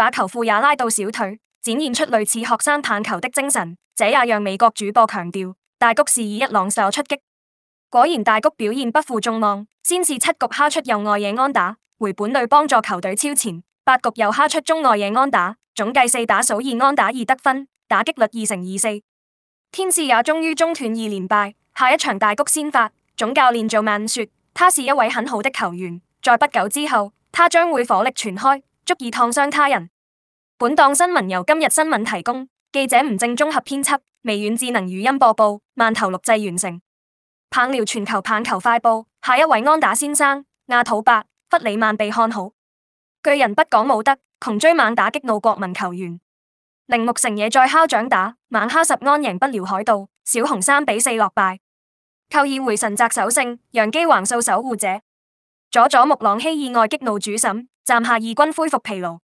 把球褲也拉到小腿，展現出類似學生棒球的精神。這也讓美國主播強調，大谷是以一朗受出擊。果然，大谷表現不負眾望，先是七局敲出右外野安打，回本壘幫助球隊超前。八局又敲出中外野安打，總計四打數二安打二得分，打擊率二成二四。天使也終於中斷二連敗，下一場大谷先發。總教練造萬說，他是一位很好的球員，在不久之後，他將會火力全開。足以燙傷他人。本檔新聞由今日新聞提供，記者吳正綜合編輯，微軟智能語音播報，慢頭錄製完成。棒聊全球棒球快報，下一位安打先生，亞土伯弗里曼被看好。巨人不講武德，窮追猛打激怒國民球員，鈴木誠也再敲掌打，猛敲十安贏不了海盜，小熊三比四落敗。柯爾回神摘首勝，楊基橫掃守護者，佐佐木朗希意外激怒主審。暫下二軍恢復疲勞。